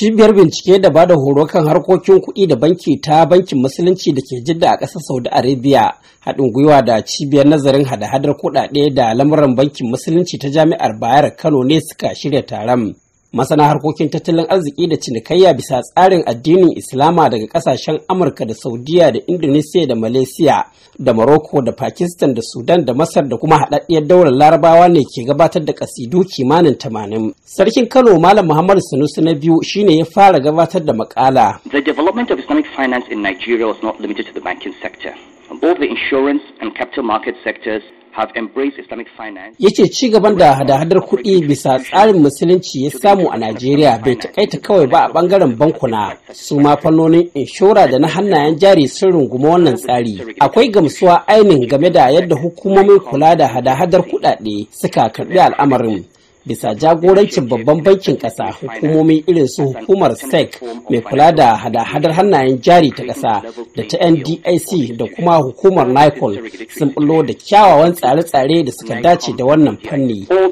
Cibiyar bincike da bada horo kan harkokin kuɗi da banki ta bankin musulunci da ke jidda a ƙasar Saudi Arabia haɗin gwiwa da cibiyar nazarin hada-hadar kuɗaɗe da lamuran bankin musulunci ta jami'ar Bayar Kano ne suka shirya taron. masana harkokin tattalin arziki da cinikayya bisa tsarin addinin islama daga kasashen amurka da saudiya da indonesia da malaysia da morocco da pakistan da sudan da masar da kuma haɗaɗɗiyar daular larabawa ne ke gabatar da kasidu kimanin tamanin sarkin kano malam Muhammad sanusi na biyu shine ya fara gabatar da makala the development of islamic finance in nigeria was not limited to the banking sector both the insurance and capital market sectors Ya ce Yace ci gaban da hada-hadar kuɗi bisa tsarin musulunci ya samu a Najeriya bai takaita kawai ba a bangaren bankuna su ma fannonin inshora da na hannayen jari sun runguma wannan tsari. Akwai gamsuwa ainihin game da yadda hukumomin kula da hada-hadar kuɗaɗe suka karɓi al'amarin. bisa jagorancin babban bankin ƙasa hukumomi irin su hukumar sec mai kula da hada-hadar hannayen jari ta ƙasa da ta ndic da kuma hukumar nicol sun bullo da kyawawan tsare-tsare da suka dace da wannan fanni e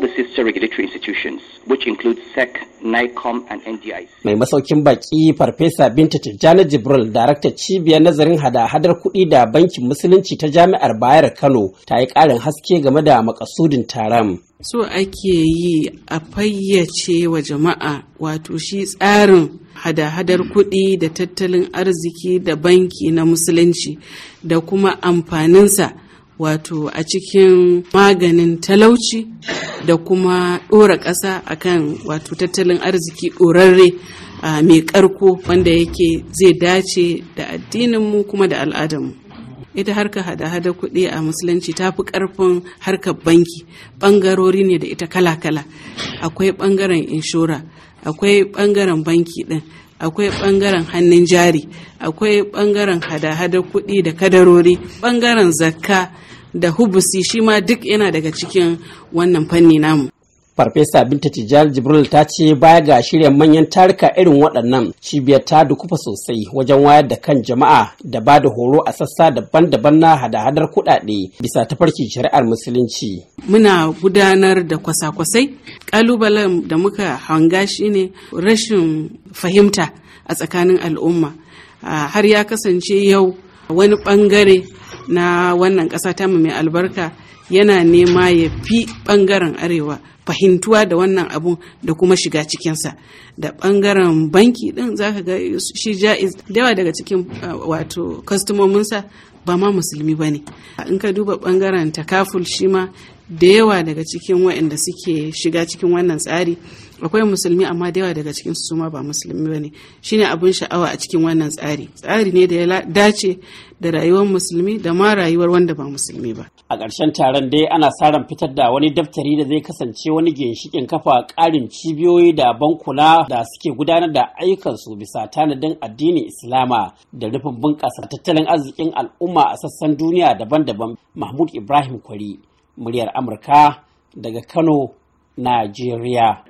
mai masaukin baki farfesa binta tijjani jibril daraktar cibiyar nazarin hada-hadar kuɗi da bankin musulunci ta jami'ar bayar kano ta yi ƙarin haske game da makasudin taron so ake yi a fayyace wa jama'a wato shi tsarin hada-hadar kuɗi da tattalin arziki da banki na musulunci da kuma amfaninsa wato a cikin maganin talauci da kuma ɗora ƙasa akan wato tattalin arziki ɗorarre mai ƙarko wanda yake zai dace da addininmu kuma da al'adarmu. ita harka hada-hada kuɗi a musulunci ta fi ƙarfin harkar banki ɓangarori ne da ita kala-kala akwai ɓangaren inshora akwai ɓangaren banki ɗin akwai ɓangaren hannun jari akwai ɓangaren hada-hada kuɗi da kadarori ɓangaren zakka da hubusi shi ma duk yana daga cikin wannan fanni namu Farfesa Binta Tijjani Jibril ta ce baya ga shirya manyan tarika irin waɗannan cibiyar ta dukufa sosai wajen wayar da kan jama'a da ba da horo a sassa daban-daban na hada-hadar kuɗaɗe bisa ta farki shari'ar musulunci. Muna gudanar da kwasa-kwasai ƙalubalen da muka hanga shi ne rashin fahimta a tsakanin al'umma har ya kasance yau wani ɓangare na wannan ƙasa ta mai albarka yana nema ya fi bangaren arewa fahimtuwa da wannan abun da kuma shiga cikinsa da bangaren banki din ka ga shi ja'iz da yawa daga cikin ah, wato kwastomominsa ba ma musulmi ba ne in ka duba bangaren takaful shi ma da yawa daga cikin waɗanda suke shiga cikin wannan tsari akwai musulmi amma da yawa daga cikin su ba musulmi ba ne shine abin sha'awa a cikin wannan tsari tsari ne da ya dace da rayuwar musulmi da ma rayuwar wanda ba musulmi ba a ƙarshen ran dai ana sa ran fitar da wani daftari da zai kasance wani ginshikin kafa ƙarin cibiyoyi da bankuna da suke gudanar da ayyukansu bisa tanadin addinin islama da rufin bunƙasa tattalin arzikin al'umma a sassan duniya daban-daban mahmud ibrahim kwari muryar amurka daga kano najeriya